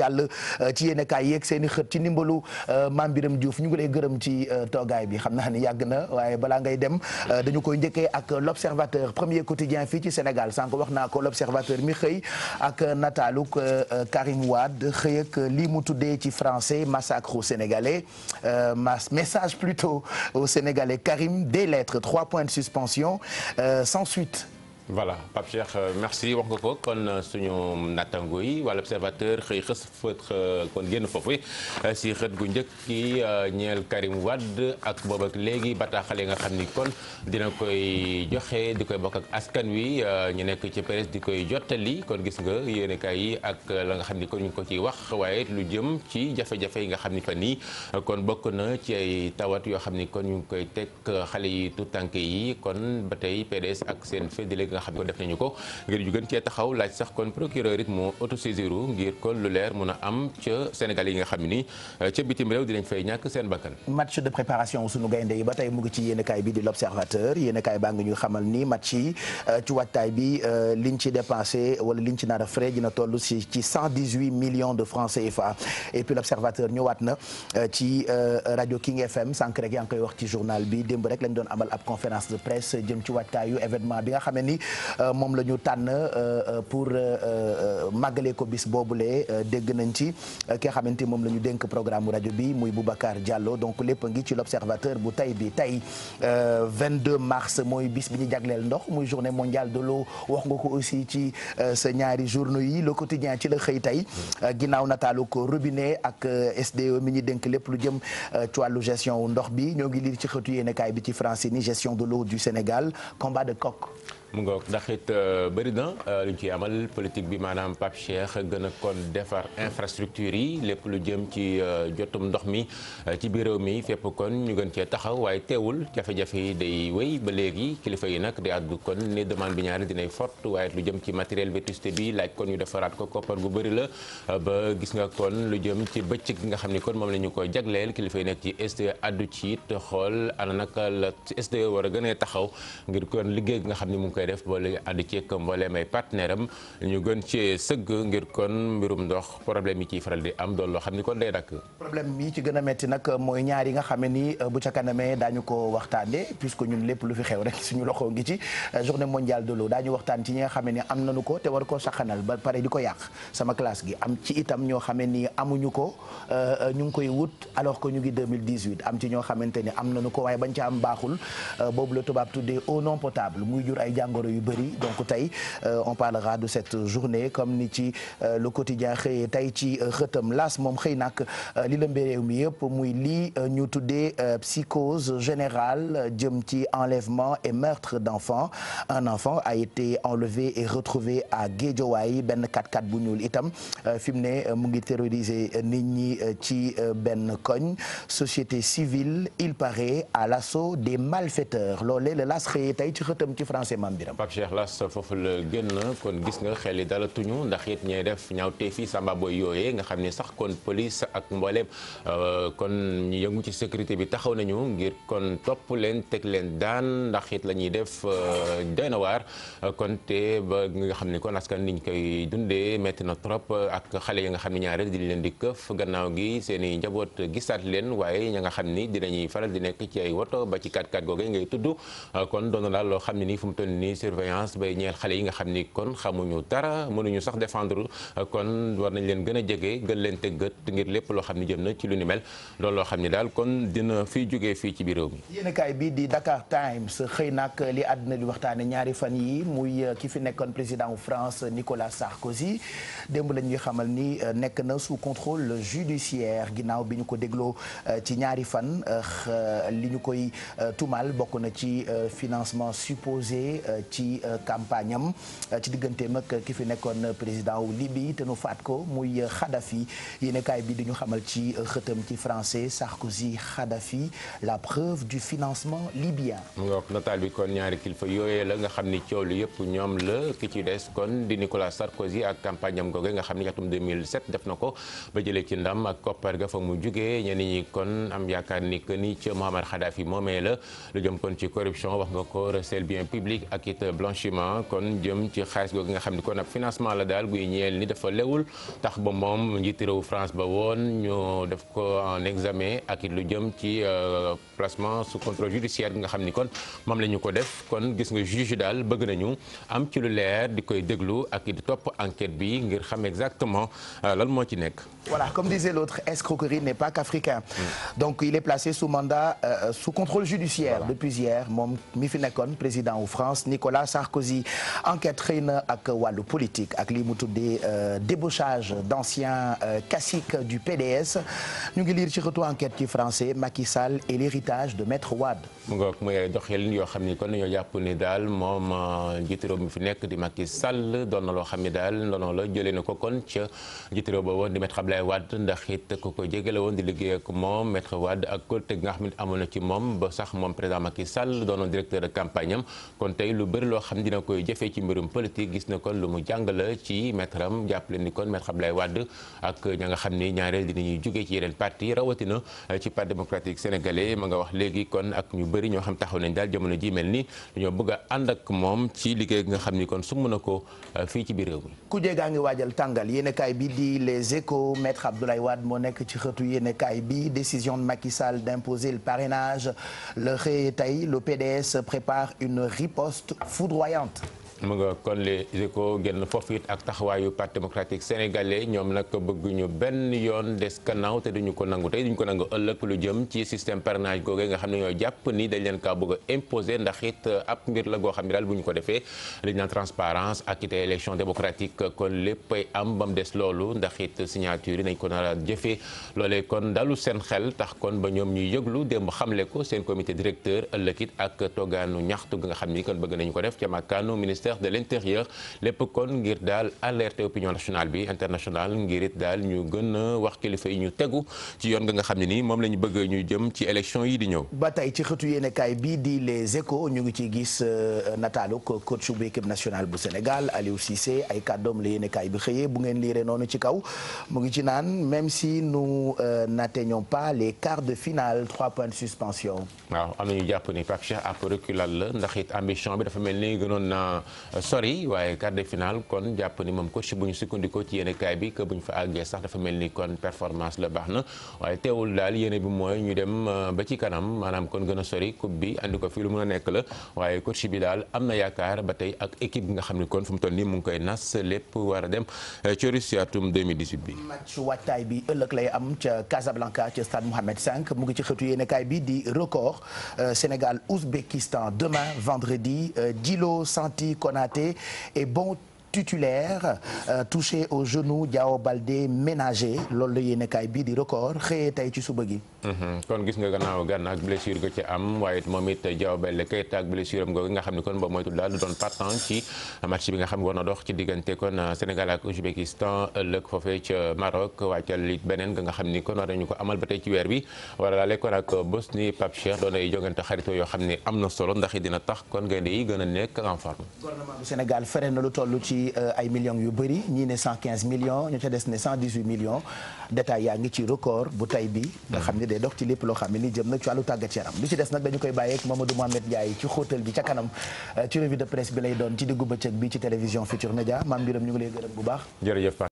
jàll euh, ci yéen kaay yeeg seen i xët ci ndimbalu euh, Mame Birame Diouf ñu ngi lay gërëm ci euh, toogaay bi xam naa ni yàgg na waaye balaa ngay dem dañu koy njëkkee ak l'observateur premier quotidien fii ci Sénégal sànq wax naa ko l'observateur mi xëy ak nataaluk Karim Wade xëy ak lii mu tuddee ci français massacre aux Sénégalais message plutôt aux Sénégalais Karim des lettres trois points de suspension sans voilà Pape Cheikh euh, merci wax nga ko kon euh, suñu nattango yi wala observateur xëy xës fët euh, kon génn foofu si xët gu njëkk ki ñeel Karim Wade ak boobu ak léegi bataaxale nga xam ni kon dina koy joxe di koy bokk ak askan wi ñu nekk ci presse di koy jottali kon gis nga yéenekaay yi ak la nga xam ni kon ñu ngi ko ciy wax waaye lu jëm ci jafe-jafe yi nga xam ni fa nii kon bokk na ci ay tawat yoo xam ni kon ñu ngi koy teg xale yi tout tànk yi kon ba tey PDS ak seen fédéral nga xam ne def nañu ko ngir ñu cee taxaw laaj sax kon procureur it moo autosaisir ngir kon lu leer mun a am ca Sénégal yi nga xam ni euh, ca bitim réew dinañ fay ñàkk seen bakkan. match de préparation sunu gaynde yi ba tey mu ngi ci yéenekaay bi di l'observateur yéenekaay baa nga ñu xamal ni match yi euh, ci waajtaay bi euh, liñ ci dépensé wala liñ ci nar a frais na toll si ci cent dix-huit millions de francs CFA et puis l'observateur ñëwaat na ci rajo King FM sànq rek yaa ngi koy wax ci journal bi démb rek lañ doon amal ab conférence de presse jëm ci waajtaayu bi nga xam ne ni Euh, moom la ñu tànn euh, euh, pour màggalee ko bis lee dégg nañ ci ki nga xamante moom la ñu dénk programme rajo bi muy Boubacar jàlloo donc lépp ngi ci l'observateur bu tey bi tey 22 mars mooy bis bi ñu jagleel ndox muy journée mondiale de l'eau wax nga ko aussi ci sa ñaari journaux yi le quotidien ci la xëy tey ginnaaw nataalu ko robinet ak SDE mi ñu denk lépp lu jëm ci wàllu gestion ndox bi ñoo ngi liir ci xëtu yéenekaay bi ci France ni gestion de l'eau du Sénégal combat de mu ngoog ndax it euh, bëri na euh, lu ñu ciy amal politique bi maanaam Pape Cheikh gën a kon defar infrastructure yi lépp lu jëm ci euh, jotum ndox mi ci biir réew mi fépp kon ñu gën cee taxaw waaye teewul jafe-jafe yi day wéy ba léegi kilifa yi nag di àddu kon ni demande bi ñaari dinay fort waaye lu jëm ci matériel vétusté bi laaj kon ñu defaraat ko koppar gu bari la ba gis nga kon lu jëm ci bëccëg nga xam ni kon moom lañu ko jagleel kilifa yi nekk ci SDE àddu ci it xool ana naka la SDE war a gën a taxaw ngir kon liggéey nga xam ni mu ngi koy def boole ànd ceeg mbooleem ay partenaire am ñu gën am doon loo xam ni kon day dakk problème yi ci gën a metti nag mooy ñaar yi nga xam ne euh, ko lépp lu fi xew rek suñu loxo ngi ci euh, journée mondiale de l'eau daañu waxtaan ci nga xam ne ni am nañu ko te war koo saxanal ba pare di ko yàq sama classe gi am ci itam ñoo xam ni amuñu ko euh, ñu ngi koy wut alors que ñu ngi 2018 am ci ñoo xamante ni am nañu ko waaye bañ ca am baaxul boobu la tubaab tuddee eau non potable muy jur ay jàng jàngoro yu bëri donc tey euh, on parlera de cette journée comme ni ci euh, le quotidien xëyee tey ci euh, xëtam las moom xëy nag li la mbéréew mi yëpp muy lii ñu tuddee psychose générale jëm ci enlèvement et meurtre d'enfants un enfant a été enlevé et retrouvé à Guédiawaye benn 4x4 bu ñuul itam fi mu ne mu ngi terroriser nit ñi ci benn koñ société civile il paraît à l'assaut des malfaiteurs loolee la las xëyee tey ci xëtam ci français mam mbiram Pape Cheikh Las foofu la gën kon gis nga xel yi dalatuñu ndax it ñay def ñaaw tey fii Samba Boy yooyee nga xam ne sax kon police ak mbooleem euh, kon ñu yëngu ci sécurité bi taxaw nañu ngir kon topp leen teg leen daan ndax it la ñuy def euh, doy na kon te ba nga xam ne kon askan niñ koy dundee métti na trop ak xale yi nga xam ne ñaareel di leen di këf gannaaw gi seen i njaboot gisaat leen waaye ña nga xam ni dinañuy faral di nekk ci ay woto ba ci 4 x ni surveillance bay ñeel xale yi nga xam ni kon xamuñu dara mënuñu sax défendre kon war a jege gën leen teg gët ngir lépp loo xam ni jëm na ci lu ni mel loolu loo xam ni daal kon dina fi jógee fii ci biir réew mi. yéen kaay bii di Dakar Times xëy nag li àdduna di waxtaane ñaari fan yi muy euh, ki fi nekkoon président France Nicolas Sarkozy démb la ñuy xamal ni euh, nekk na sous contrôle judiciaire ginnaaw bi ñu ko dégloo euh, ci ñaari fan li ñu koy tumal bokk na ci financement supposé. ci euh, campagne am euh, ci digganteem ak ki fi nekkoon président wu Libye te nu faat ko muy euh, Khadafi yéenekaay bi di ñu xamal ci xëtam ci français Sarkozy Khadafi la preuve du financement libyen. mu ngi wax nataal bi kon ñaari kilifa yooyee la nga xam ni coow li ñoom la ki ci des kon di Nicolas Sarkozy ak campagne am googe nga xam ni atum 2007 def na ko ba jëlee ci ndam ak koppar ga fa mu jugee ñenn ñi kon am yaakaar ni que ni ca Mohamed moomee la lu jëm kon ak it blanchiment kon jëm ci xaalis googu nga xam ni kon ab financement la daal guy ñeel ni dafa lewul tax ba moom njiitu réew France ba woon ñu def ko en examen ak lu jëm ci euh, placement sous contrôle judiciaire bi nga xam ni kon moom la ko def kon gis nga juge daal bëgg nañu am ci lu leer di koy déglu ak it topp enquête bi ngir xam exactement euh, lan moo ci nekk. voilà comme disait l'autre escroquerie n'est pas qu'africain mm. donc il est placé sous mandat euh, sous contrôle judiciaire Nicolas Sarkozy enquête xëy na ak wàllu politique ak lii mu tuddee euh, débauchage d'anciens euh, caciques du PDS ñu ngi lire ci xëtu enquête ci français Macky sal et l'héritage de Maître Wade. mu ngoog mu ay doxalin yoo xam ni kon dañoo jàpp ni daal moom euh, njiitu mu mi fi nekk di Macky sal doon loo xam ni daal noonu loo jële na ko kon ca njiitu réew ba woon di Maître Abdoulaye Wade ndax it ku ko jégale woon di liggéey ak moom Maître Wade ak ko gi nga xam ne amoon na ci moom ba sax moom président Macky Sall doonoon directeur de campagne lu bëri loo xam dina koy jëfee ci mbirum politique gis na kon lu mu jàngala ci maître am jàppale ni kon maître Abdoulaye Wade ak ña nga xam ni ñaareel dinañuy jógee ci yeneen parti rawatina euh, ci parti démocratique sénégalais ma nga wax léegi kon ak ñu bëri ñoo xam taxaw nañ daal jamono ji mel ni dañoo bëgg a ànd ak moom ci liggéey nga xam ni kon sumb na ko euh, fii ci biir réew mi ku jeegaa ngi waajal tàngal yéenekaay bi di les échos maître Abdoulaye forte, foudroyante. mu nga kon les échos foofu it ak taxawaayu parti démocratique sénégalais ñoom nag bëgguñu benn yoon des kannaaw te duñu ko nangu tey duñu ko nangu ëllëg lu jëm ci système parrainage googee nga xam ne ñoo jàpp ni dañ leen kaa bëgg a imposer it ab mbir la xam ne daal bu ñu ko defee dañ naan transparence ak it élection démocratique kon léppay am ba mu des loolu ndax it signature yi ko nar a jëfee loolee kon dalu seen xel tax kon ba ñoom ñuy yëglu démb xamle ko seen comité directeur ëllëg it ak toggaanu ñaxtu gi nga xam ni kon bëgg nañu ko def ca màkkaanu ministère ministère de l'intérieur lépp kon ngir daal alerter opinion nationale bi internationale ngir a wax kilifa yi ñu tegu ci yoon nga nga xam ne nii moom ñu bëgg ñu jëm ci élection yi di ba tey ci xëtu yéenekaay bi di les échos ñu ngi ciy gis euh, nataalu coach bu équipe nationale bu Sénégal Aliou Cissé ay kàddoom la yéenekaay bi xëyee bu ngeen liiree noonu ci kaw mu ngi ci naan même si nous euh, n'atteignons pas les quarts de finale trois points de suspension. waaw am nañu jàpp ni Pape Cheikh ab reculal ambition bi dafa mel ni gënoon na sori waaye quart de finale kon jàpp ni moom coach bu ñu sukkandikoo ci yéene kaay bi que bu ñu fa àggee sax dafa mel ni kon performance la baax na waaye teewul daal yéene bi mooy ñu dem euh, ba ci kanam maanaam kon gën a sori coupe bi andi ko fii lu mën a nekk la waaye coach bi daal am na yaakaar ba tey ak équipe nga xam ne kon fu toll nii mu ngi koy nas lépp war a dem euh, ci Russie bi. match waajtaay bi ëllëg lay am ca Casablanca ca stade Mohamed V mu ngi ci Konaté est bon titulaire euh, touché au genou Diao Baldé ménagé loolu la yéenekaay bii di record xëyee tey ci suba gi Mhm. kon gis nga gannaaw Gana blessure ga ci am waaye moom it Diao Baldé Keita ak blessure am googu nga xam ne kon boobu moytu daal doon partant ci match bi nga xam ne kon Sénégal ak Ouzbékistan ëllëg foofee amal ba tey ci weer bi wala laale kon ak Bosnie Pape doon ay jongante xaritoo yoo xam ne am na solo ndax dina tax kon gaynde yi gën nekk en gouvernement bu Sénégal fere na lu toll ci euh, ay millions yu bëri ñii ne 115 des ne 118 millions yaa day dox ci lépp loo xam ne jëm nag ci tàggat yaram lu ci des nag dañu koy bàyyi ak Mamadou Mohamed ci xóotal bi ca kanam euh, ci revue de presse bi lay doon ci diggu bëccëg bi ci télévision Futur Média maam Birame ñu ngi lay gërëm bu baax